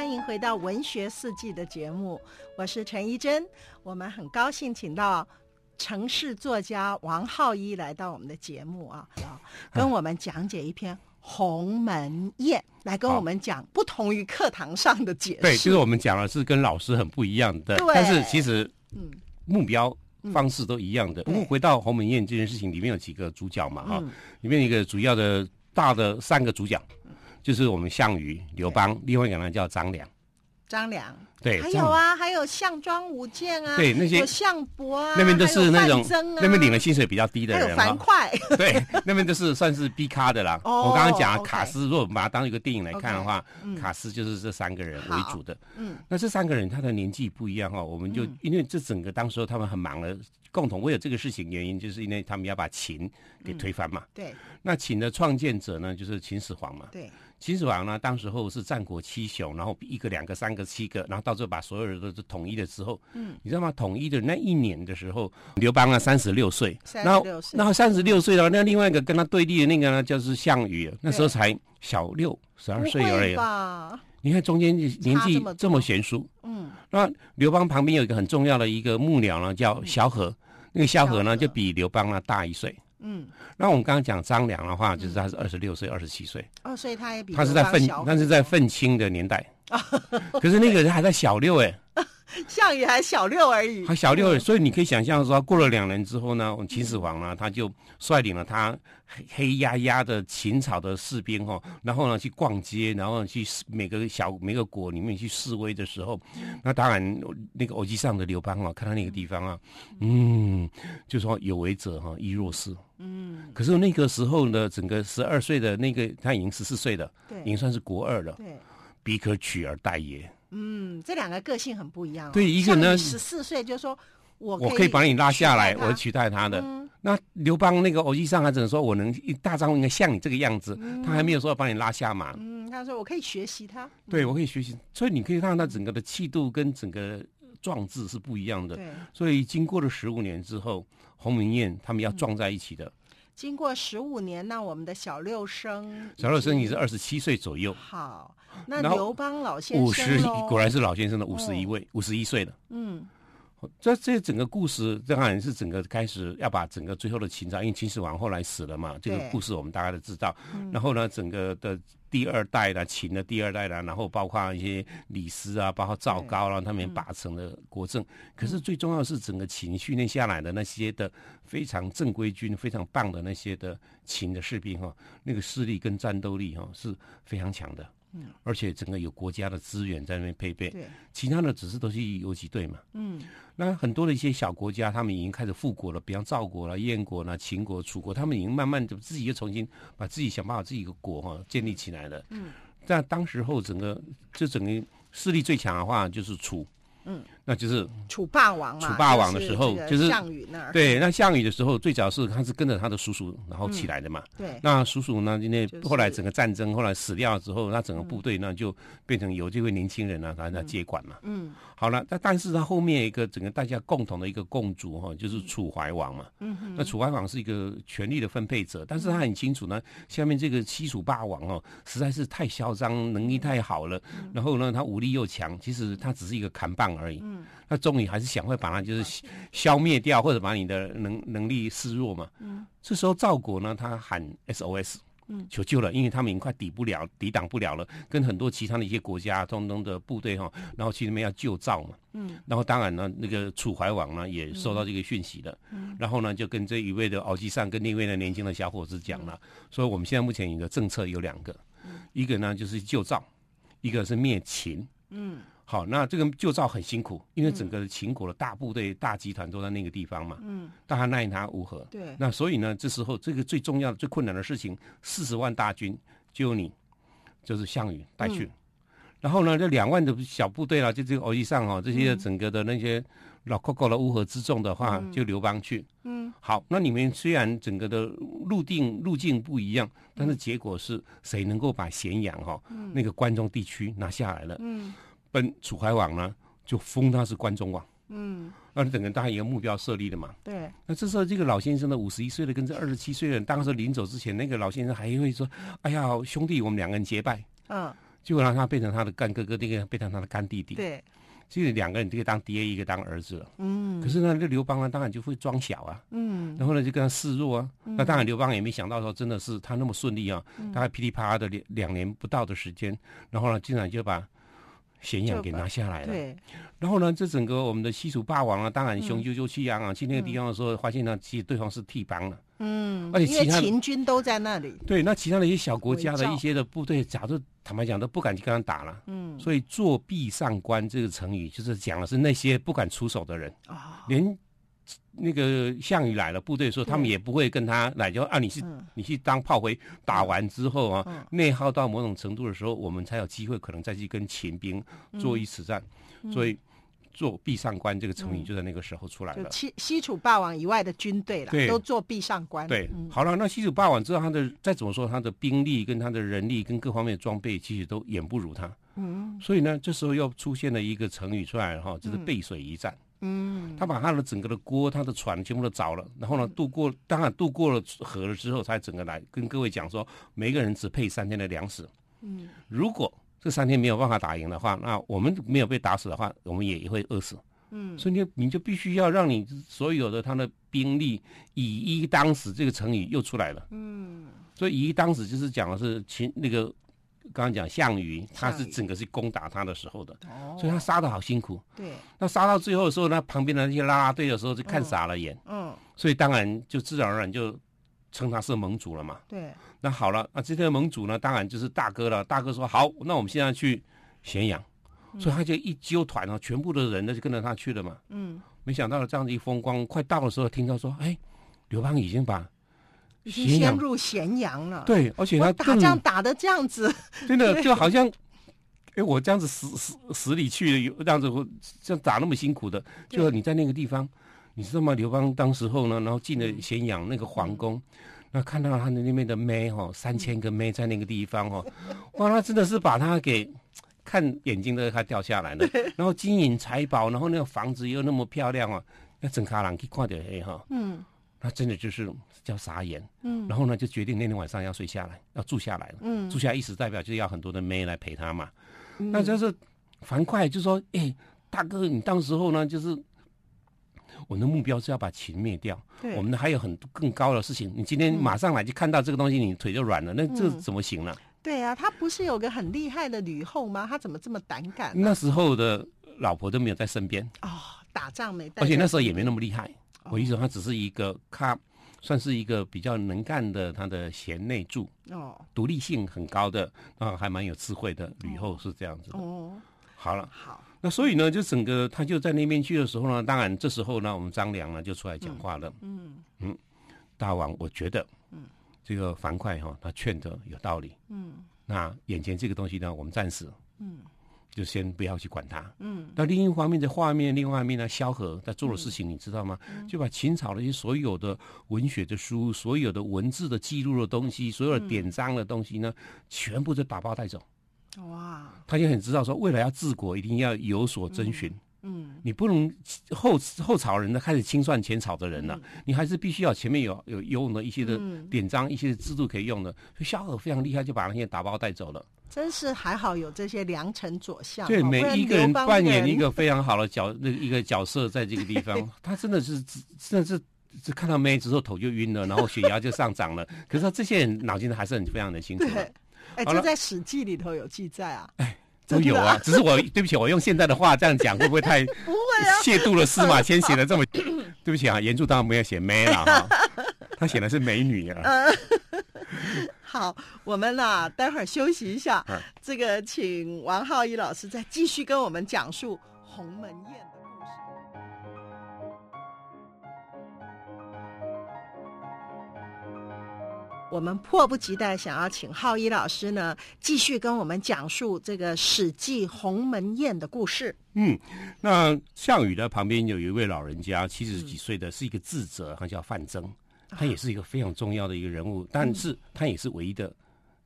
歡迎回到《文學四季》的節目，我是陳怡蓁。我們很高興請到城市作家王浩一來到我們的節目啊，啊跟我們講解一篇《鴻門宴》啊，來跟我們講不同於課堂上的解釋。對，就是我們講的是跟老師很不一樣的，對，但是其實嗯，目標方式都一樣的。不、嗯、過回到《鴻門宴》這件事情裡面有幾個主角嘛？哈、啊嗯，裡面一個主要的大的三個主角。就是我們項羽、劉邦，另外一個人叫張良，張良。對，還有啊，還有項莊舞劍啊，對那些項伯啊，那邊都是那種，啊、那邊領了薪水比較低的，人，樊噲， 對，那邊都是算是 B 咖的啦。Oh, 我剛剛講卡斯，如果我們把它當一個電影來看的話，okay. 嗯，卡斯就是這三個人為主的。嗯，那這三個人他的年紀不一樣哈，我們就因為這整個當時候他們很忙了，嗯、共同為了這個事情原因，就是因為他們要把秦給推翻嘛。嗯、對，那秦的創建者呢，就是秦始皇嘛。對，秦始皇呢，當時候是戰國七雄，然後一個、兩個、三個、七個，然後。到時候把所有人都是統一的時候，嗯，你知道嗎？統一的那一年的時候，劉邦啊三十六歲，然後然後，三十六歲了。那另外一個跟他對立的那個呢，就是項羽，那時候才小六十二歲而已哇、啊，你看中間年紀這麼懸殊，嗯，那劉邦旁邊有一個很重要的一個幕僚呢，叫蕭何，那個蕭何呢就比劉邦啊大一歲，嗯。那個、嗯然後我們剛剛講張良的話，就是他是二十六歲、二十七歲，哦，所以他也比劉邦，他是在奮，但是在奮青的年代。哦啊！ 可是那個人還在小六哎，項羽還小六而已。還小六，所以你可以想象說，過了兩年之後呢，秦始皇呢，他就率領了他黑黑壓壓的秦朝的士兵哈、哦，然後呢去逛街，然後去每個小每個國裡面去示威的時候，那當然那個《史記》上的劉邦啊，看到那個地方啊，嗯啊是是 嗯嗯嗯嗯，嗯，就說有為者哈、啊，亦若是。嗯。可是那個時候呢，整個十二歲的那個他已經十四歲了，對，已經算是國二了。對。彼可取而代也。嗯，這兩個個性很不一樣、哦。對，一個呢十四歲就是說，我我可以把你拉下來，取我取代他的。嗯、那劉邦那個，我歷上還只能說我能一大丈夫應該像你這個樣子，嗯、他還沒有說要把你拉下馬。嗯，他說我可以學習他、嗯。對，我可以學習。所以你可以看到他整個的氣度跟整個壯志是不一樣的。對、嗯。所以經過了十五年之後，鴻門宴他們要撞在一起的。嗯經過十五年，那我們的小六生，小六生你是二十七歲左右。好，那劉邦老先生五十一，然五十，果然是老先生的五十一位，五十一歲了。嗯。這這整個故事，這好像是整個開始要把整個最後的秦朝，因為秦始皇後來死了嘛，這個故事我們大概都知道。嗯、然後呢，整個的第二代的，啊、秦的第二代的，啊，然後包括一些李斯啊，包括趙高了、啊，他們把持了國政、嗯。可是最重要的是整個秦訓練下來的那些的非常正規軍，非常棒的那些的秦的士兵哈、啊，那個勢力跟戰鬥力哈、啊、是非常強的。嗯，而且整個有國家的資源在那邊配備，對，其他的只是都是游擊隊嘛。嗯，那很多的一些小國家，他們已經開始復國了，比方趙國了、燕國了、秦國、楚國，他們已經慢慢的自己又重新把自己想辦法自己一個國哈、啊、建立起來了。嗯，但當時候整個就整個勢力最強的話就是楚。嗯。那就是楚霸王，楚霸王的時候就是項羽那兒、就是、對，那項羽的時候最早是他是跟着他的叔叔然後起來的嘛、嗯，對，那叔叔呢，因為後來整個戰爭、就是、後來死掉了之後，那整個部隊呢，就變成由這位年輕人啊，他他接管嘛，嗯，嗯好了，他但，但是他後面一個整個大家共同的一個共主哈、哦，就是楚懷王嘛，嗯，那楚懷王是一個權力的分配者，但是他很清楚呢，下面這個西楚霸王哦實在是太囂張，能力太好了，然後呢，他武力又強，其實他只是一個扛棒而已。嗯他終於還是想會把它就是消滅掉，或者把你的能能力示弱嘛。嗯。這時候趙國呢，他喊 SOS，嗯，求救了，因為他們已經快抵不了、抵擋不了了，跟很多其他的一些國家、中東的部隊哈，然後去那邊要救趙嘛。嗯。然後當然呢，那個楚懷王呢也收到這個訊息了，嗯，嗯。然後呢，就跟這一位的歐吉桑跟另一位的年輕的小伙子講了，說、嗯、我們現在目前一個政策有兩個，一個呢就是救趙，一個是滅秦。嗯。好，那這個救趙很辛苦，因為整個秦國的大部隊、嗯、大集團都在那個地方嘛。嗯，但他奈他如何？對。那所以呢，這時候這個最重要的、最困難的事情，四十萬大軍就由你，就是項羽帶去；嗯、然後呢，這兩萬的小部隊了、啊，就這個意義上哈，這些整個的那些老摳摳的烏合之眾的話、嗯，就劉邦去。嗯。嗯好，那你們雖然整個的路徑路徑不一樣、嗯，但是結果是誰能夠把咸陽哈、啊嗯、那個關中地區拿下來了？嗯。嗯本楚懷王呢，就封他是關中王。嗯，那你整個大概一個目標設立的嘛。對。那這時候，這個老先生呢，五十一歲的跟這二十七歲的人，當時臨走之前，那個老先生還因為說：“哎呀，兄弟，我們兩個人結拜。”嗯。結果讓他變成他的乾哥哥，那個變成他的乾弟弟。對。所以兩個人，這個當爹，一個當兒子了。嗯。可是呢，這劉邦呢，當然就會裝小啊。嗯。然後呢，就跟他示弱啊。嗯、那當然，劉邦也沒想到說，真的是他那麼順利啊、嗯！大概噼里啪啦的兩年不到的時間，然後呢，竟然就把。咸陽給拿下來了對，然後呢，這整個我們的西楚霸王啊，當然雄赳赳，氣昂昂，嗯，去那個地方的時候，嗯、發現呢，其實對方是替幫了，嗯，而且其他的因為秦軍都在那裡，對，那其他的一些小國家的一些的部隊，早就坦白講都不敢去跟他打了，嗯，所以作壁上觀這個成語就是講的是那些不敢出手的人啊，哦，連。那個項羽來了部隊的時候，部隊說他們也不會跟他來就啊！你是、嗯、你去當炮灰，打完之後啊，內、嗯、耗到某種程度的時候，我們才有機會可能再去跟秦兵做一次戰。嗯、所以做壁上觀、嗯、這個成語就在那個時候出來了。西西楚霸王以外的軍隊了，都做壁上觀。對，嗯、好了，那西楚霸王知道他的再怎麼說，他的兵力跟他的人力跟各方面的裝備，其實都遠不如他。嗯嗯。所以呢，這時候又出現了一個成語出來哈，就是背水一戰。嗯嗯，他把他的整個的鍋、他的船全部都着了，然後呢渡過，當然渡過了河了之後，才整個來跟各位講說，每個人只配三天的糧食。嗯，如果這三天沒有辦法打贏的話，那我們沒有被打死的話，我們也會餓死。嗯，所以你你就必須要讓你所有的他的兵力以一當十，這個成語又出來了。嗯，所以以一當十就是講的是秦那個。剛剛講項羽，項羽，他是整個是攻打他的時候的，哦、所以他殺得好辛苦。對，那殺到最後的時候，那旁邊的那些拉拉隊的時候就看傻了眼嗯。嗯，所以當然就自然而然就稱他是盟主了嘛。對，那好了，那、啊、這的盟主呢，當然就是大哥了。大哥說：“好，那我們現在去咸陽。嗯”所以他就一揪團啊，全部的人呢，就跟着他去了嘛。嗯，沒想到這樣的一風光，快到的時候聽到說：“哎，劉邦已經把。”已經先入咸陽了，對，而且他打仗打的這樣子，真的就好像，哎，我這樣子死死死裡去，有這樣子，我這樣打那麼辛苦的，就你在那個地方，你知道嗎？劉邦當時候呢，然後進了咸陽那個皇宮，那看到他的那邊的妹哈、喔，三千個妹在那個地方哈、喔，哇，他真的是把他給看眼睛都要快掉下來了。然後金銀財寶，然後那個房子又那麼漂亮啊，那整家人可以掛點黑哈，嗯，那真的就是。叫傻眼，嗯，然後呢，就決定那天晚上要睡下來，要住下來，嗯，住下來意思代表就要很多的妹來陪他嘛。嗯、那就是樊噲就說：“哎、欸，大哥，你到時候呢，就是我們的目標是要把秦滅掉。我們還有很多更高的事情。你今天馬上來就看到這個東西，嗯、你腿，就軟了，那這怎麼行呢、啊嗯？”對啊，他不是有個很厲害的呂後嗎？他怎麼這麼膽敢、啊？那時候的老婆都沒有在身邊啊、哦，打仗沒帶，而且那時候也沒那麼厲害。哦、我一直說，他只是一個咖。算是一個比較能幹的，他的賢內助哦，獨、oh. 立性很高的啊，還蠻有智慧的呂後、oh. 是這樣子的哦。Oh. 好了，好、oh.，那所以呢，就整個他就在那邊去的時候呢，當然這時候呢，我們張良呢就出來講話了。嗯嗯、嗯，大王，我覺得嗯，這個樊噲哈，他勸得有道理。嗯，那眼前這個東西呢，我們暫時嗯。就先不要去管他。嗯，那另一方面，的畫面，另外一面呢，蕭何在做的事情，你知道嗎？嗯嗯、就把秦朝那些所有的文學的書，所有的文字的記錄的東西，所有的典章的東西呢，嗯、全部都打包帶走。哇！他就很知道說，未來要治國，一定要有所遵循嗯。嗯，你不能後後朝人呢開始清算前朝的人了、啊嗯，你還是必須要前面有有有用的一些的典章，一些的制度可以用的。嗯、所以蕭何非常厲害，就把那些打包帶走了。真是還好有這些良臣佐相。哦，對。對，每一個人扮演一個非常好的角，那一個角色在這個地方，他真的是真的是看到妹子之後頭就暈了，然後血壓就上漲了。 可是他這些人腦筋還是很非常的清楚。啊。對，哎，欸，就在《史記》裡頭有記載啊。哎，都有啊， 只是我對不起，我用現在的話這樣講會不會太褻瀆了？司馬遷寫的這麼， 對不起啊，原著當然沒有寫妹了哈， 哦。他寫的是美女。啊。 呃 好，我們呢、啊，待會兒休息一下。嗯、這個，請王浩一老師再繼續跟我們講述《鴻門宴》的故事。我們迫不及待想要請浩一老師呢，繼續跟我們講述這個《史記》《鴻門宴》的故事。嗯，那項羽的旁邊有一位老人家，七十幾歲的是一個智者，他、嗯、叫范增。他也是一個非常重要的一個人物，但是他也是唯一的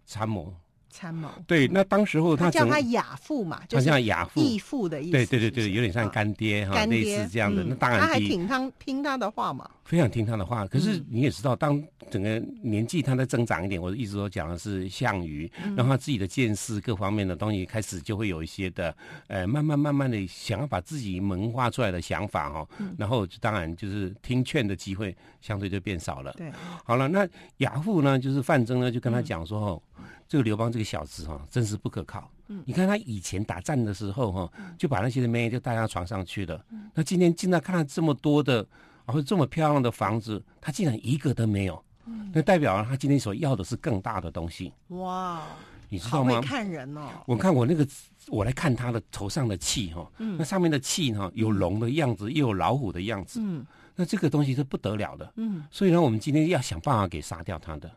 參謀。參謀對，那當時候他，他叫他亞父嘛，他像亞父義父的意思，他他對對對，對有點像乾爹哈、啊、類似這樣的，嗯。那當然他還挺他聽他的話嘛，非常聽他的話。可是你也知道，嗯、當整個年紀他在增長一點，我一直都講的是項羽、嗯，然後他自己的見識各方面的東西開始就會有一些的，呃，慢慢慢慢的想要把自己萌化出來的想法哈、哦嗯，然後就當然就是聽勸的機會相對就變少了。對，好了，那亞父呢，就是范增呢，就跟他講說。嗯這個劉邦這個小子哈、啊，真是不可靠。嗯，你看他以前打仗的時候哈、啊，就把那些的妹就帶到床上去了。嗯，那今天竟然看到這麼多的，然、啊、後這麼漂亮的房子，他竟然一個都沒有。嗯，那代表了他今天所要的是更大的東西。哇，你知道嗎？看人哦。我看我那個，我來看他的頭上的氣哈、啊嗯。那上面的氣哈，有龍的樣子，又有老虎的樣子。嗯。那這個東西是不得了的。嗯。所以呢，我們今天要想辦法給殺掉他的。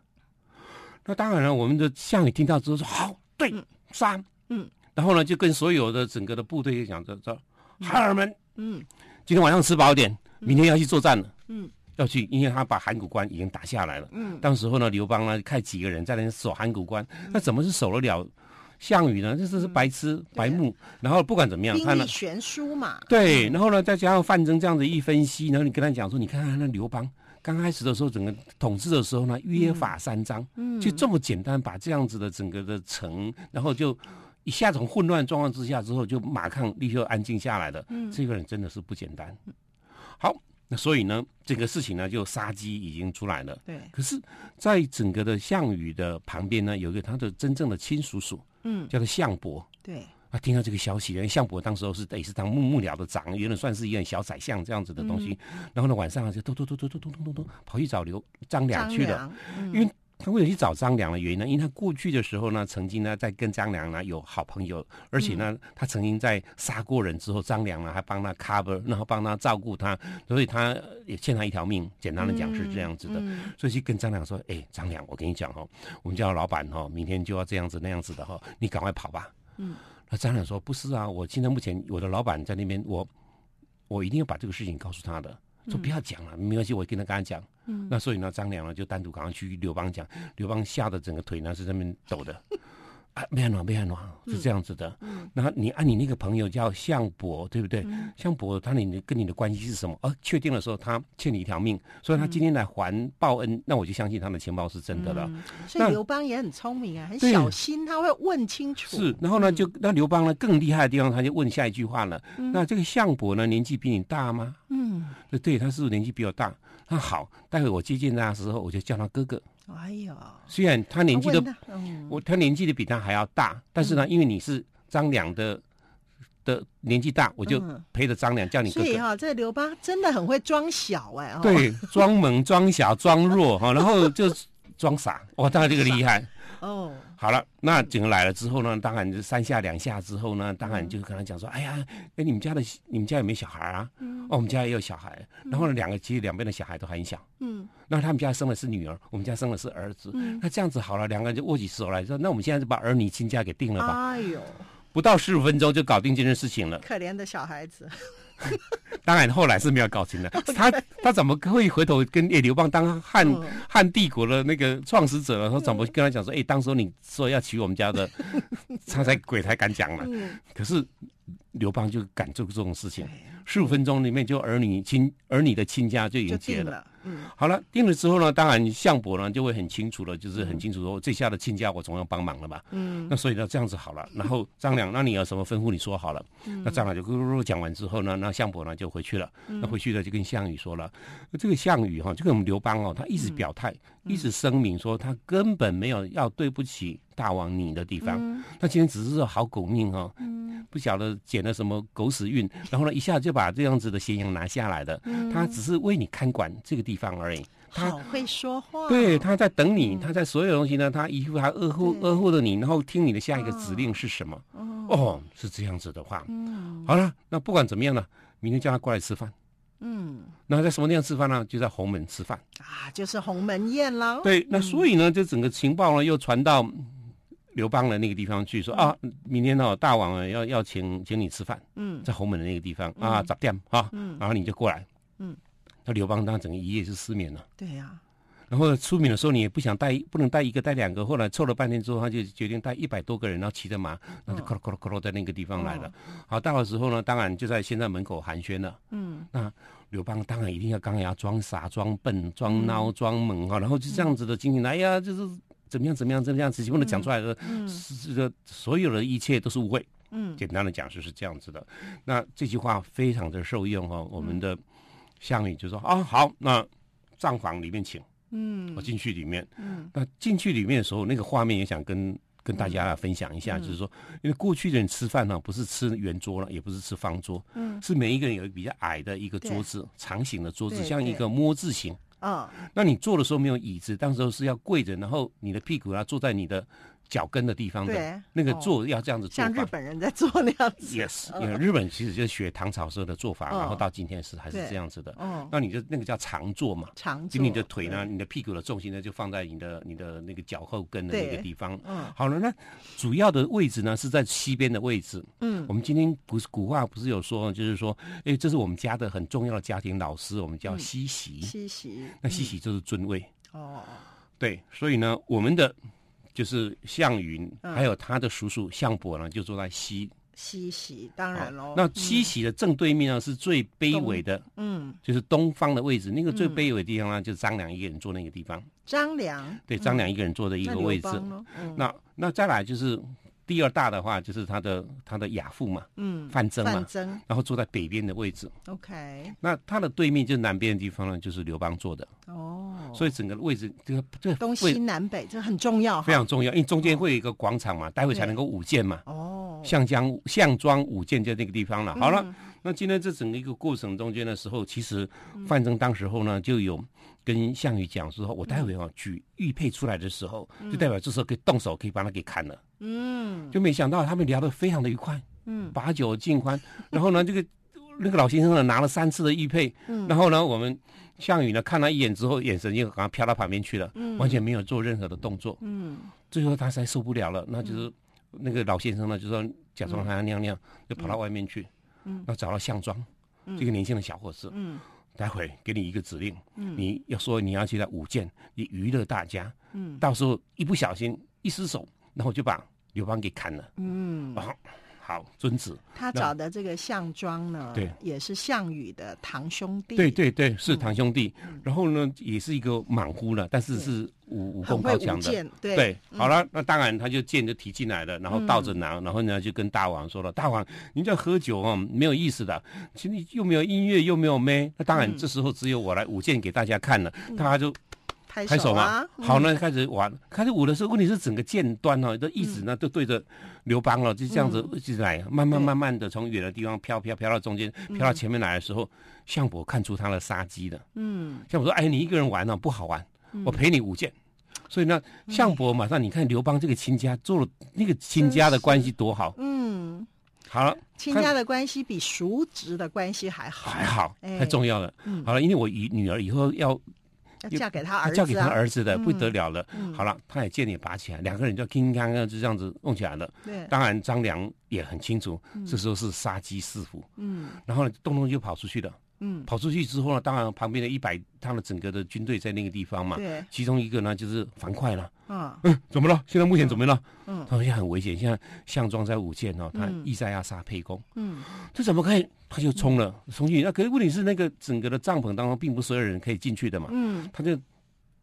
那當然了，我們的項羽聽到之後說：“好、哦，對，三，嗯，然後呢，就跟所有的整個的部隊就講這這，孩、嗯、兒們，嗯，今天晚上吃飽點、嗯，明天要去作戰了，嗯，要去，因為他把函谷關已經打下來了，嗯，當時候呢，劉邦呢派幾個人在那邊守函谷關、嗯，那怎麼是守得了項羽呢？這是白痴、嗯、白目，然後不管怎麼樣，他呢兵力懸殊嘛，對，然後呢，再加上范增這樣子一分析，然後你跟他講說，你看看那劉邦。”剛開始的時候，整個統治的時候呢，約法三章，嗯、就這麼簡單，把這樣子的整個的城，嗯、然後就一下從混亂狀況之下之後，就馬上立刻安靜下來了、嗯。這個人真的是不簡單。好，那所以呢，整個事情呢就殺機已經出來了。對。可是，在整個的項羽的旁邊呢，有一個他的真正的親叔叔，嗯，叫做項伯。對。他聽到這個消息，因為項伯當時是也、欸、是當幕僚的長，原本算是一個小宰相這樣子的東西。嗯、然後呢，晚上、啊、就咚咚咚咚咚咚咚咚咚跑去找劉張良去了，嗯、因為他為了去找張良的原因呢，因為他過去的時候呢，曾經呢在跟張良呢有好朋友，而且呢、嗯、他曾經在殺過人之後，張良呢還幫他 cover，然後幫他照顧他，所以他也欠他一條命。簡單的講是這樣子的，嗯嗯、所以去跟張良說：“哎、欸，張良，我跟你講哦，我們叫老闆哦，明天就要這樣子那樣子的哈，你趕快跑吧。”嗯。張良說：“不是啊，我現在目前我的老闆在那邊，我我一定要把這個事情告訴他的，說不要講了，沒關係，我跟他剛剛講。嗯，那所以呢，張良呢就單獨剛剛去跟劉邦講，劉邦嚇得整個腿呢是這邊抖的。 ”啊，沒喊暖，沒喊暖，是這樣子的。嗯，然、嗯、後你啊，你那個朋友叫項伯，對不對？項、嗯、伯他你跟你的關係是什麼？啊確定的時候，他欠你一條命，所以他今天來還報恩。那我就相信他的情報是真的了。嗯、所以劉邦也很聰明啊，很小心，他會問清楚。是，然後呢，就那劉邦呢更厲害的地方，他就問下一句話了。嗯、那這個項伯呢，年紀比你大嗎？嗯，對，他是不是年紀比較大。那好，待會我接近他的時候，我就叫他哥哥。哎呦，雖然他年紀都，啊他嗯、我他年紀都比他還要大，但是呢，嗯、因為你是張良的的年紀大，我就陪着張良叫你可、嗯、以哈、哦，這劉邦真的很會裝小哎，哦、對，裝萌、裝小、裝弱哈、哦，然後就裝傻， 哇，他這個厲害。哦、oh，好了，那警察來了之後呢？當然就三下兩下之後呢，當然就跟他講說：“嗯、哎呀，哎，你們家的你們家有沒有小孩啊？哦、嗯，oh, 我們家也有小孩。然後呢，兩、嗯、個其實兩邊的小孩都很小。嗯，那他們家生的是女兒，我們家生的是兒子。嗯、那這樣子好了，兩個人就握起手來說：那我們現在就把兒女親家給定了吧。哎呦，不到十五分鐘就搞定這件事情了。可憐的小孩子。” 當然，後來是沒有搞清的。他、okay. 他怎麼會回頭跟誒劉、欸、邦當漢漢、oh. 帝國的那個創始者，然後怎麼跟他講說，誒、欸，當時你說要娶我們家的，他才鬼才敢講嘛、 嗯。可是劉邦就敢做這種事情。十五分鐘裡面，就兒女親兒女的親家就迎接了。好了，定了之後呢，當然項伯呢就會很清楚了，就是很清楚說，這下的親家我總要幫忙了吧？嗯，那所以呢這樣子好了，然後張良，那你有什麼吩咐你說好了。嗯、那張良就咕嚕嚕講完之後呢，那項伯呢就回去了。嗯、那回去呢就跟項羽說了，嗯、這個項羽哈、啊，就跟我們劉邦哦，他一直表態、嗯，一直聲明說他根本沒有要對不起大王你的地方。嗯、他今天只是說好狗命哈、哦，不曉得撿了什麼狗屎運，然後呢一下就把這樣子的咸陽拿下來的、嗯。他只是為你看管這個地方。地方而已，他會說話。對，他在等你，嗯、他在所有東西呢，他一副還呵護呵護的你，然後聽你的下一個指令是什麼哦？哦，是這樣子的話，嗯，好了，那不管怎麼樣呢，明天叫他過來吃飯。嗯，那在什麼地方吃飯呢？就在鴻門吃飯啊，就是鴻門宴嘍。對，那所以呢，嗯、就整個情報呢又傳到劉邦的那個地方去，說啊，明天呢、哦、大王要要請請你吃飯，嗯，在鴻門的那個地方啊，早、嗯、點啊、嗯，然後你就過來，嗯。那劉邦當然整個一夜是失眠了。對呀、啊。然後出名的時候，你也不想帶，不能帶一個，帶兩個。後來湊了半天之後，他就決定帶一百多個人，然後騎着馬，那、哦、就咯咯，咯咯咯咯在那個地方來的、哦。好，到的時候呢，當然就在現在門口寒暄了。嗯。那劉邦當然一定要裝牙、裝傻、裝笨、裝孬、裝猛哈、嗯，然後就這樣子的經行來呀，就是怎麼樣怎麼樣，怎麼樣這麼樣子，全部都講出來的這個、嗯、所有的一切都是誤會。嗯。簡單的講就是這樣子的，那這句話非常的受用哦，我們的、嗯。項羽就說：“啊，好，那帳房裡面請。”嗯，我進去裡面。嗯，那進去裡面的時候，那個畫面也想跟跟大家分享一下、嗯，就是說，因為過去的人吃飯呢、啊，不是吃圓桌了、啊，也不是吃方桌，嗯，是每一個人有一比較矮的一個桌子，長形的桌子，像一個“摸”字形。啊，那你坐的時候沒有椅子，當時候是要跪着，然後你的屁股啊坐在你的。腳跟的地方的對、哦、那個坐要這樣子做法，像日本人在坐那樣子。Yes, 哦、日本其實就是學唐朝時候的做法、哦，然後到今天是還是這樣子的。哦哦、那你就那個叫長坐嘛，長就你的腿呢，你的屁股的重心呢就放在你的你的那個腳後跟的那個地方。嗯，好了呢，那主要的位置呢是在西邊的位置。嗯，我們今天古古話不是有說，就是說，哎、欸，這是我們家的很重要的家庭老師，我們叫西席。嗯、西席，那西席就是尊位、嗯。哦，對，所以呢，我們的。就是項雲、嗯，還有他的叔叔項伯呢，就坐在西西席，當然嘍、嗯。那西席的正對面呢，是最卑微的，嗯，就是東方的位置。那個最卑微的地方呢，嗯、就是張良一個人坐那個地方。張良，對，張、嗯、良一個人坐的一個位置。嗯嗯、那那再來就是。第二大的話就是他的他的亞父嘛，嗯，范增嘛，范增，然後坐在北邊的位置。OK。那他的對面就是南邊的地方呢，就是劉邦坐的。哦。所以整個位置這個這個東西南北這很重要。非常重要、哦，因為中間會有一個廣場嘛，哦、待會才能夠舞劍嘛。哦。項江項莊舞劍在那個地方了、嗯。好了，那今天這整個一個過程中間的時候，其實范增當時候呢就有跟項羽講說：“嗯、我待會要舉玉佩出來的時候、嗯，就代表這時候可以動手，可以把它給砍了。”嗯， 就沒想到他們聊得非常的愉快。嗯，把酒盡歡，然後呢，這個那個老先生呢拿了三次的玉佩。嗯，然後呢，我們項羽呢看了一眼之後，眼神又好像飄到旁邊去了。嗯，完全沒有做任何的動作。嗯，最後他才受不了了，那就是、嗯、那個老先生呢就說假裝他要尿尿、嗯，就跑到外面去。嗯，要找到項莊這、嗯、個年輕的小伙子。嗯，待會給你一個指令。嗯，你要說你要去在舞劍，你娛樂大家。嗯，到時候一不小心一失手，然後就把。劉邦給砍了。嗯，啊、好，遵旨。他找的這個項莊呢，對，也是項羽的堂兄弟。對對對，是、嗯、堂兄弟。然後呢，也是一個莽夫了，但是是武武功高強的。很會舞劍，對。對，好了、嗯，那當然他就劍就提進來了，然後倒着拿，嗯、然後呢就跟大王說了：“大王，您這喝酒啊沒有意思的，其實又沒有音樂，又沒有妹，那當然這時候只有我來舞劍給大家看了。嗯”大家就。拍手嘛，好，那開始玩，開始舞的時候，問題是整個劍端哦，都一直呢都、嗯、對着劉邦了，就這樣子進來、嗯，慢慢慢慢的從遠的地方飄飄飄到中間，飄、嗯、到前面來的時候，項伯看出他的殺機了。嗯，項伯說：“哎，你一個人玩呢、啊、不好玩、嗯，我陪你舞劍。”所以呢，項伯馬上你看劉邦這個親家做了那個親家的關係多好。嗯，好了，親家的關係比叔侄的關係還好，還好，太、欸、重要了、嗯。好了，因為我以女兒以後要。要嫁給他兒子、啊，嫁給他兒子的不得了了、嗯嗯。好了，他也見你拔起來，兩個人就鏗鏗就這樣子弄起來了。對，當然張良也很清楚，嗯、這時候是殺機四伏。嗯，然後呢，咚咚就跑出去了。嗯，跑出去之後呢，當然旁邊的一百他們的整個的軍隊在那個地方嘛。對。其中一個呢，就是樊噲了。啊。嗯，怎麼了？現在目前怎麼了？嗯、目、嗯、前很危險。現在項莊在舞劍哦，他意在要殺沛公嗯。嗯。這怎麼可以？他就衝了，衝、嗯、進去。那、啊、可是問題是，那個整個的帳篷當中，並不是所有人可以進去的嘛。嗯。他就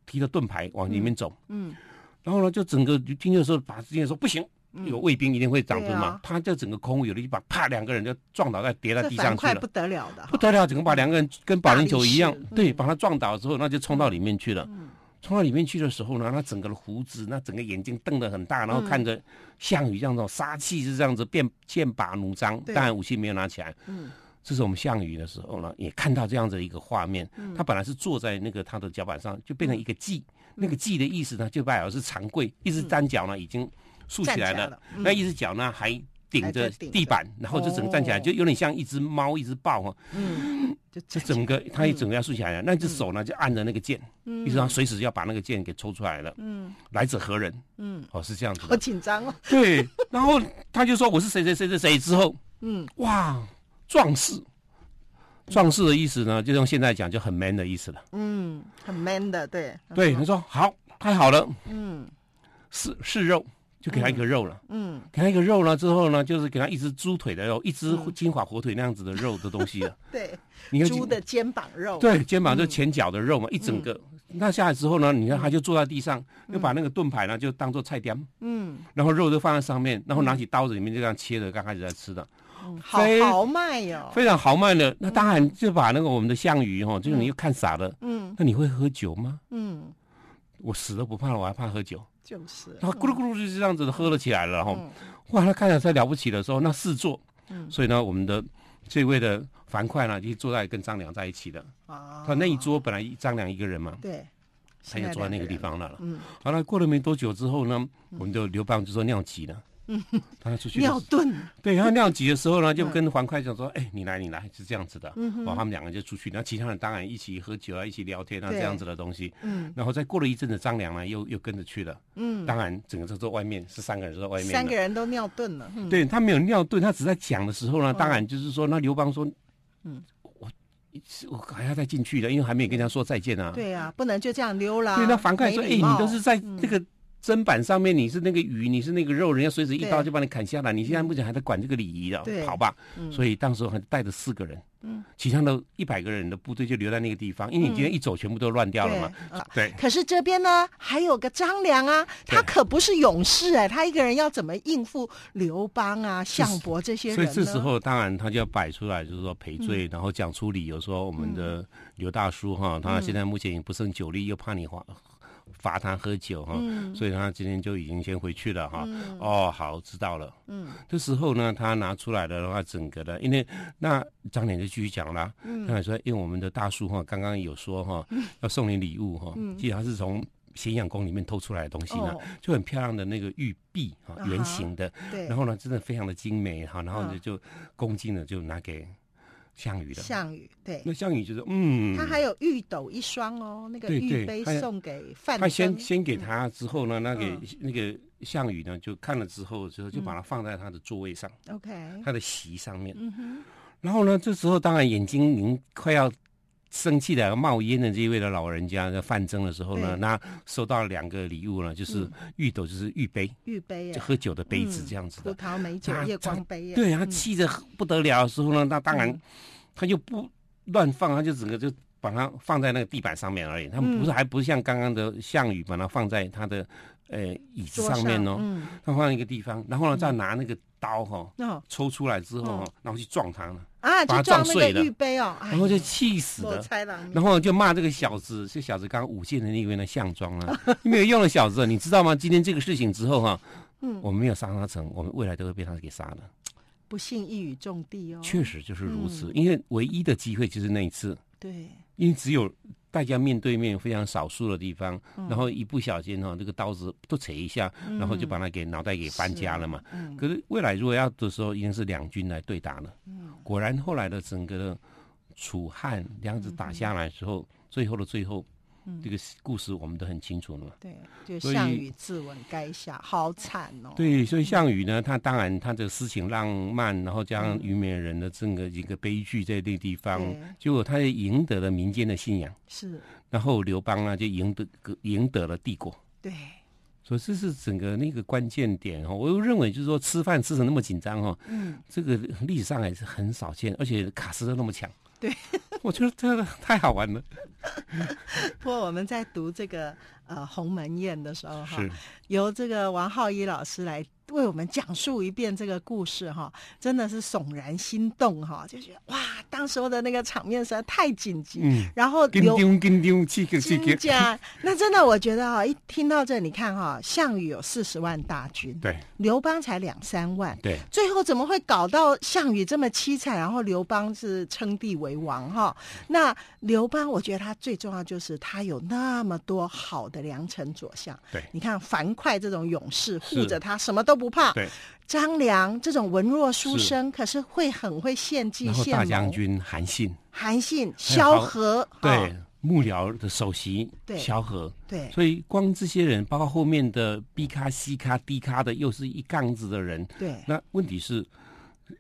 提着盾牌往裡面走嗯。嗯。然後呢，就整個聽見說，把聽見說不行。有衛兵一定會擋住嘛，嗯啊？他就整個空，有的一把啪，兩個人就撞倒在跌在地上去了，不得了的，不得了，整個把兩個人跟保齡球一樣，嗯，對，把他撞倒之後，那就衝到裡面去了，嗯。衝到裡面去的時候呢，他整個的鬍子，那整個眼睛瞪得很大，然後看着項羽這樣子殺氣是這樣子變劍拔弩張，當、嗯、然武器沒有拿起來。嗯，這是我們項羽的時候呢，也看到這樣子一個畫面。嗯，他本來是坐在那個他的腳板上，就變成一個跽，嗯，那個跽的意思呢，就代表是長跪，一只單腳呢，嗯、已經。豎起來了，來了，嗯、那一只腳呢還頂着地板，然後就整個站起來，哦、就有點像一只貓，一隻豹哈、啊。嗯，就，就整個他一、嗯、整個要豎起來了，那只手呢就按着那個劍，嗯，一直要隨時要把那個劍給抽出來了。嗯，來者何人？嗯，哦是這樣子。好緊張哦。對，然後他就說我是誰誰誰誰誰之後，嗯，哇，壯士，壯士的意思呢，就用現在講就很 man 的意思了。嗯，很 man 的，對。對，他說好，太好了。嗯，是是肉。就給他一個肉了嗯，嗯，給他一個肉了之後呢，就是給他一只豬腿的肉，一隻金華火腿那樣子的肉的東西了。嗯、 對，你看豬的肩膀肉、啊，對，肩膀就前腳的肉嘛、嗯，一整個。那下來之後呢，你看他就坐在地上，嗯、就把那個盾牌呢就當做菜墊，嗯，然後肉就放在上面，然後拿起刀子，裡面就這樣切着，剛、嗯、開始在吃的，嗯、好豪邁喲、哦，非常豪邁的。那當然就把那個我們的項羽哈，就是你又看傻了，嗯，那你會喝酒嗎？嗯，我死都不怕了，我還怕喝酒。就是他、嗯、咕嚕咕嚕就是這樣子喝了起來了，後、嗯嗯、哇，他看起來太了不起的時候，那四座，嗯、所以呢，我們的這位的樊噲呢，就坐在跟張良在一起的、哦，他那一桌本來張良一個人嘛，對，他就坐在那個地方了。嗯，好了，過了沒多久之後呢，嗯、我們就劉邦就說尿急了。嗯， 他出去尿遁，對，然後尿急的時候呢，就跟樊噲講說：“哎、嗯欸，你來，你來，是這樣子的。”嗯哼，然後他們兩個就出去，然後其他人當然一起喝酒啊，一起聊天啊，這樣子的東西。嗯，然後再過了一陣子，張良呢又又跟着去了。嗯，當然整個車坐外面是三個人坐外面，三個人都尿遁了。嗯、對他沒有尿遁，他只在講的時候呢、嗯，當然就是說，那劉邦說：“嗯，我我還要再進去的，因為還沒有跟人家說再見啊。”對啊，不能就這樣溜了、啊。對，那樊噲說：“哎、欸，你都是在這、那個。嗯”砧板上面你是那個魚，你是那個肉，人家隨時一刀就把你砍下來。你現在目前還在管這個禮儀的、啊，好吧、嗯？所以當時還帶着四個人，嗯，其他的一百個人的部隊就留在那個地方，嗯、因為你今天一走，全部都亂掉了嘛。對，對、啊。可是這邊呢，還有個張良啊，他可不是勇士哎，他一個人要怎麼應付劉邦啊、項伯這些人？所以這時候當然他就要擺出來，就是說賠罪、嗯，然後講出理由，說我們的劉大叔哈、啊嗯，他現在目前已經不勝酒力，又怕你黃。罰他喝酒哈、啊嗯，所以他今天就已經先回去了哈、啊嗯。哦，好，知道了。嗯，這時候呢，他拿出來的話，整個的，因為那張臉就繼續講了、啊。嗯，他還說，因為我們的大叔哈、啊，剛剛有說哈、啊嗯，要送你禮物哈、啊，其實他是從咸陽宮裡面偷出來的東西呢、啊哦，就很漂亮的那個玉璧、啊啊、哈，圓形的，對、嗯。然後呢，真的非常的精美、啊、哈，然後呢就就恭敬的就拿給。項羽的，項羽對。那項羽就是，嗯，他還有玉斗一雙哦，那個玉杯送給范增。他，他先先給他之後呢，那給、個嗯、那個項羽呢，就看了之後就、嗯，就就把它放在他的座位上、嗯。OK，他的席上面。嗯哼。然後呢，這時候當然眼睛已經快要。生氣的冒煙的這一位的老人家，范增的時候呢，那、嗯、收到兩個禮物呢，就是玉斗，就是玉杯，玉、嗯、杯就喝酒的杯子這樣子的，嗯葡萄美酒夜光杯啊、對、嗯，他氣的不得了的時候呢，那、嗯、當然他就不亂放，他就整個就把它放在那個地板上面而已，他們不是、嗯、還不像剛剛的項羽把它放在他的呃椅子上面哦，他放一個地方，嗯、然後呢再拿那個。刀吼、哦哦，抽出來之後、哦哦，然後去撞他了啊！把他撞碎了撞那個玉杯、哦哎，然後就氣死了，了，然後就罵這個小子，嗯、這小子剛剛舞劍的那一位呢、啊，項莊啊，沒有用了，小子，你知道嗎？今天這個事情之後哈、啊嗯，我們沒有殺他成，我們未來都會被他給殺了，不幸一語中的哦，確實就是如此、嗯，因為唯一的機會就是那一次，對，因為只有。大家面對面非常少數的地方、嗯，然後一不小心哈、啊，這個刀子都扯一下，嗯、然後就把他給腦袋給搬家了嘛、嗯。可是未來如果要的時候，已經是兩軍來對打了。嗯、果然後來的整個的楚漢這樣子打下來之後、嗯，最後的最後，嗯、這個故事我們都很清楚了嘛，對，就項羽自刎垓下，嗯、好慘哦。對，所以項羽呢，他當然他的詩情浪漫，然後將虞美人的整個一個悲劇在那個地方，嗯、結果他也贏得了民間的信仰。是。然後劉邦呢，就贏得贏得了帝國。對。所以這是整個那個關鍵點哈。我又認為就是說，吃飯吃成那麼緊張哈，嗯，這個歷史上還是很少見，而且卡司都那麼強。對。我覺得這個太好玩了 不過我們在讀這個，呃，《鴻門宴》的時候哈、哦，由這個王浩一老師來為我們講述一遍這個故事哈、哦，真的是悚然心動哈、哦，就覺得哇，當時候的那個場面實在太緊急。嗯。然後，緊張緊張，刺激刺激。真 那真的，我覺得哈，一聽到這，你看哈，項羽有四十萬大軍，對，劉邦才兩三萬，對。最後怎麼會搞到項羽這麼淒慘，然後劉邦是稱帝為王哈、哦？那劉邦，我覺得他最重要就是他有那麼多好的。良臣左相，對，你看樊噲這種勇士護着他，什麼都不怕對。；張良這種文弱書生，是可是會很會獻計獻策。大將軍韓信，韓信、蕭何、啊、對，對幕僚的首席，對蕭何對。所以光這些人，包括後面的 B 咖、C 咖、D 咖的，又是一槓子的人。對，那問題是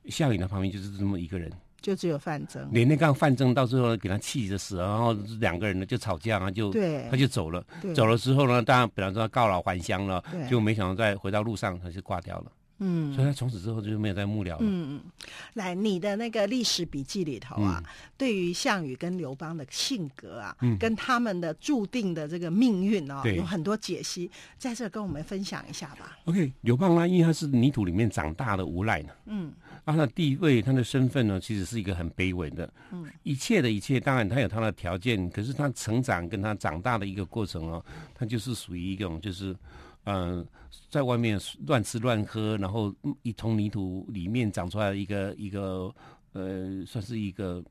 項羽旁邊就是這麼一個人。就只有范增，連那個范增到最後呢，給他氣着死了，然後兩個人呢就吵架啊，他就對他就走了，走了之後呢，當然本來說告老還鄉了，就沒想到在回到路上他就掛掉了，嗯，所以他從此之後就沒有在幕僚了。嗯，來，你的那個歷史筆記裡頭啊，嗯，對於項羽跟劉邦的性格啊，嗯，跟他們的注定的這個命運啊，哦，有很多解析，在這兒跟我們分享一下吧。OK，劉邦呢，因為他是泥土裡面長大的無賴呢，嗯。啊、他的地位，他的身份呢，其實是一個很卑微的，嗯。一切的一切，當然他有他的條件，可是他成長跟他長大的一個過程哦，嗯，他就是屬於一種，就是，嗯、呃，在外面亂吃亂喝，然後一從泥土裡面長出來一個一個，呃，算是一個，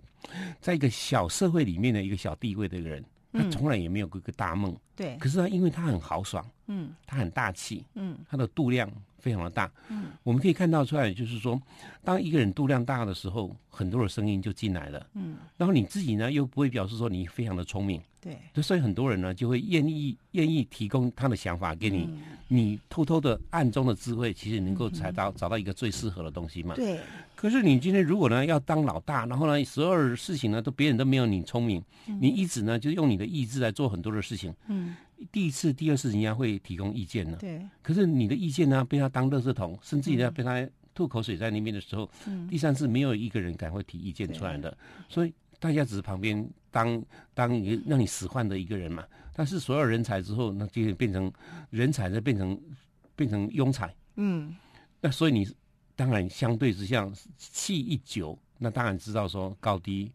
在一個小社會裡面的一個小地位的人，嗯，他從來也沒有過一個大夢。對。可是他因為他很豪爽，嗯，他很大氣，嗯，他的度量。非常的大，嗯，我們可以看到出來，就是說，當一個人度量大的時候，很多的聲音就進來了，嗯，然後你自己呢又不會表示說你非常的聰明，對，所以很多人呢就會願意願意提供他的想法給你，嗯、你偷偷的暗中的智慧其實能夠踩到、嗯、找到一個最適合的東西嘛，對。可是你今天如果呢要當老大，然後呢所有的事情呢都別人都沒有你聰明、嗯，你一直呢就用你的意志來做很多的事情，嗯。嗯第一次、第二次，人家會提供意見呢。對。可是你的意見呢、啊，被他當垃圾桶，甚至你要被他吐口水在那邊的時候，第三次沒有一個人敢會提意見出來的。所以大家只是旁邊當當讓你使喚的一個人嘛。但是所有人才之後，那就會變成人才，就變成變成庸才。嗯。那所以你當然相對之下，氣一久，那當然知道說高低。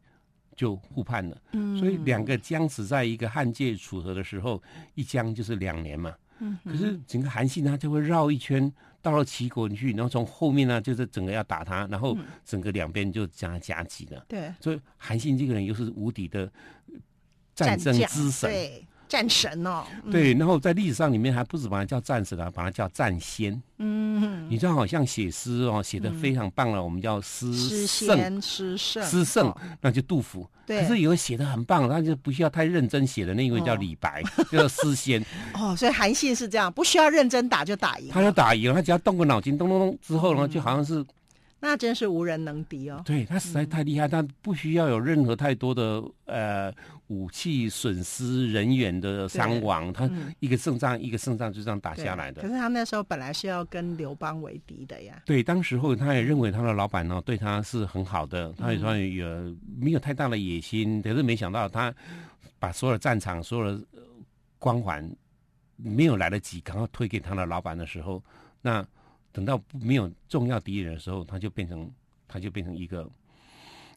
就互判了，所以兩個僵持在一個漢界楚河的時候，嗯、一僵就是兩年嘛。嗯、可是整個韓信他就會繞一圈，到了齊國去，然後從後面呢，就是整個要打他，然後整個兩邊就將他夾擊了。對，所以韓信這個人又是無敵的戰爭之神。戰神哦、嗯，對，然後在歷史上裡面還不止把他叫戰神了、啊，把他叫戰仙。嗯，你知道好像寫詩哦，寫的非常棒了，啊嗯。我們叫詩詩聖，詩聖，詩聖、哦，那就杜甫。對，可是有寫的很棒，他就不需要太認真寫的那一位叫李白，哦、叫做詩仙。 哦，所以韓信是這樣，不需要認真打就打贏。他就打贏，他只要動個腦筋，咚咚咚，咚之後呢，就好像是。那真是無人能敵哦！對，他實在太厲害、嗯，他不需要有任何太多的呃武器損失、人員的傷亡、嗯，他一個勝仗一個勝仗就這樣打下來的。可是他那時候本來是要跟劉邦為敵的呀。對，當時候他也認為他的老闆呢、哦，對他是很好的，他也說也沒有太大的野心，嗯，可是沒想到他把所有戰場、所有的光環沒有來得及，趕快推給他的老闆的時候，那。等到沒有重要敵人的時候，他就變成，他就變成一個，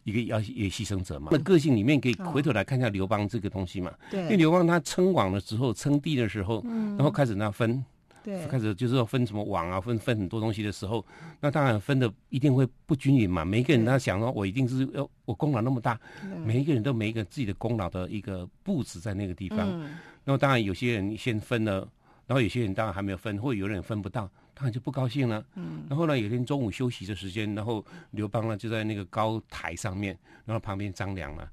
一個要也犧牲者嘛。那個性裡面可以回頭來看一下劉邦這個東西嘛。嗯嗯、對。因為劉邦他稱王的時候，稱帝的時候、嗯，然後開始那分對，開始就是要分什麼王啊，分分很多東西的時候，那當然分的一定會不均勻嘛。每一個人他想說，我一定是要我功勞那麼大，每一個人都每一個自己的功勞的一個布置在那個地方。那、嗯、麼當然有些人先分了，然後有些人當然還沒有分，或者有人分不到。他、啊、就不高興了。嗯。然後呢，有一天中午休息的時間，然後劉邦呢就在那個高台上面，然後旁邊張良了、啊，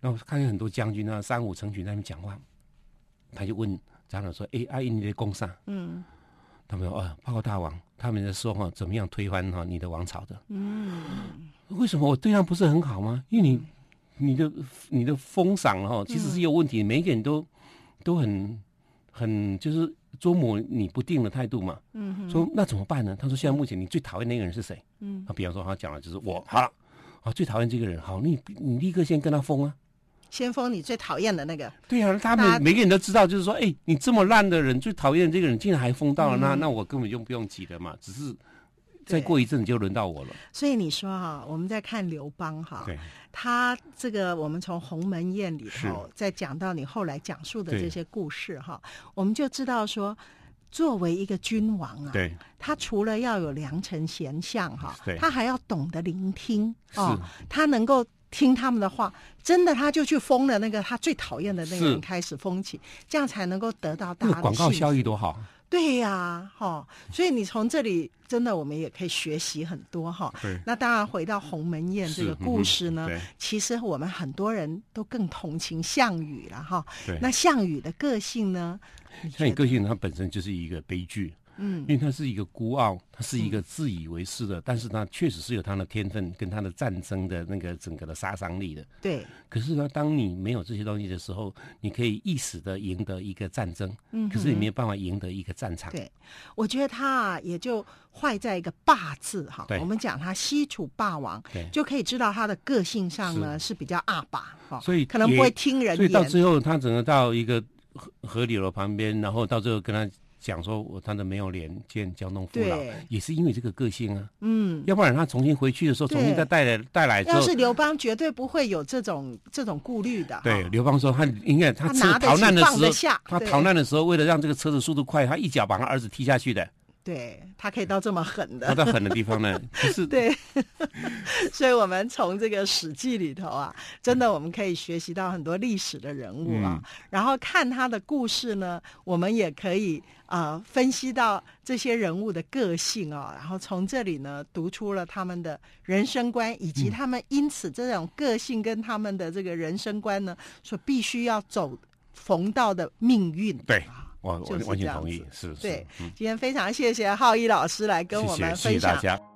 然後看見很多將軍啊三五成群，在那邊講話。他就問張良說：“哎，阿、啊、英你在功上？”嗯。他們說：“啊、哦，報告大王，他們在說哈、啊、怎麼樣推翻哈、啊、你的王朝的。”嗯。為什麼我對他不是很好嗎？因為你你的你的封賞哦、啊，其實是有問題，嗯、每一個人都都很。很就是捉摸你不定的態度嘛，嗯哼，說那怎麼辦呢？他說現在目前你最討厭那個人是誰？嗯、啊，比方說他講了就是我，好了，啊最討厭這個人，好，你你立刻先跟他封啊，先封你最討厭的那個，對啊，他們每、每個人都知道，就是說，哎，你這麼爛的人，最討厭的這個人竟然還封到了，那、嗯、那我根本就不用急的嘛，只是。再過一陣子就輪到我了。所以你說哈、啊，我們在看劉邦哈、啊，他這個我們從鴻門宴裡頭，再講到你後來講述的這些故事哈、啊，我們就知道說，作為一個君王啊，對他除了要有良臣賢相哈、啊，他還要懂得聆聽哦、啊，他能夠聽他們的話，真的他就去封了那個他最討厭的那個人開始封起，這樣才能夠得到大的廣、這個、告效益多好。對呀、啊，哈，所以你從這裡真的，我們也可以學習很多哈。對，那當然回到《鴻門宴》這個故事呢、嗯，其實我們很多人都更同情項羽了哈。對，那項羽的個性呢？項羽個性，他本身就是一個悲劇。嗯，因為他是一個孤傲，他是一個自以為是的，嗯、但是他確實是有他的天分跟他的戰爭的那個整個的殺傷力的。對。可是呢，當你沒有這些東西的時候，你可以一時的贏得一個戰爭，嗯，可是你沒有辦法贏得一個戰場。對，我覺得他啊也就壞在一個霸字“霸”字哈。對。我們講他西楚霸王，對，就可以知道他的個性上呢是，是比較阿霸哈，所以可能不會聽人。所以到最後，他整個到一個河河流的旁邊，然後到最後跟他。講說，我真的沒有臉見江東父老，也是因為這個個性啊。嗯，要不然他重新回去的時候，重新再帶來帶來。就是劉邦，絕對不會有這種這種顧慮的、啊。對，劉邦說，他應該他逃難的時候，他，他逃難的時候，為了讓這個車子速度快，他一腳把他兒子踢下去的。對他可以到這麼狠的。到、哦、狠的地方呢？ 就是。對， 所以我們從這個《史記》裡頭啊，真的我們可以學習到很多歷史的人物啊，嗯、然後看他的故事呢，我們也可以。啊、呃，分析到這些人物的個性啊、哦，然後從這裡呢讀出了他們的人生觀，以及他們因此這種個性跟他們的這個人生觀呢，嗯、所必須要走逢道的命運。對，我、就是、我完全同意，是。對是是、嗯，今天非常謝謝浩一老師來跟我們分享。謝謝謝謝大家。